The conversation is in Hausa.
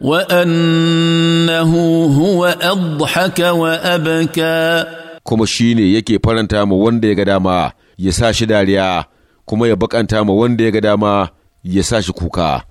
وأنه هو wa وأبكى kuma shi ne yake faranta ma wanda ya ga dama ya sa shi dariya kuma ya bakanta ma wanda ya ga dama ya sa shi kuka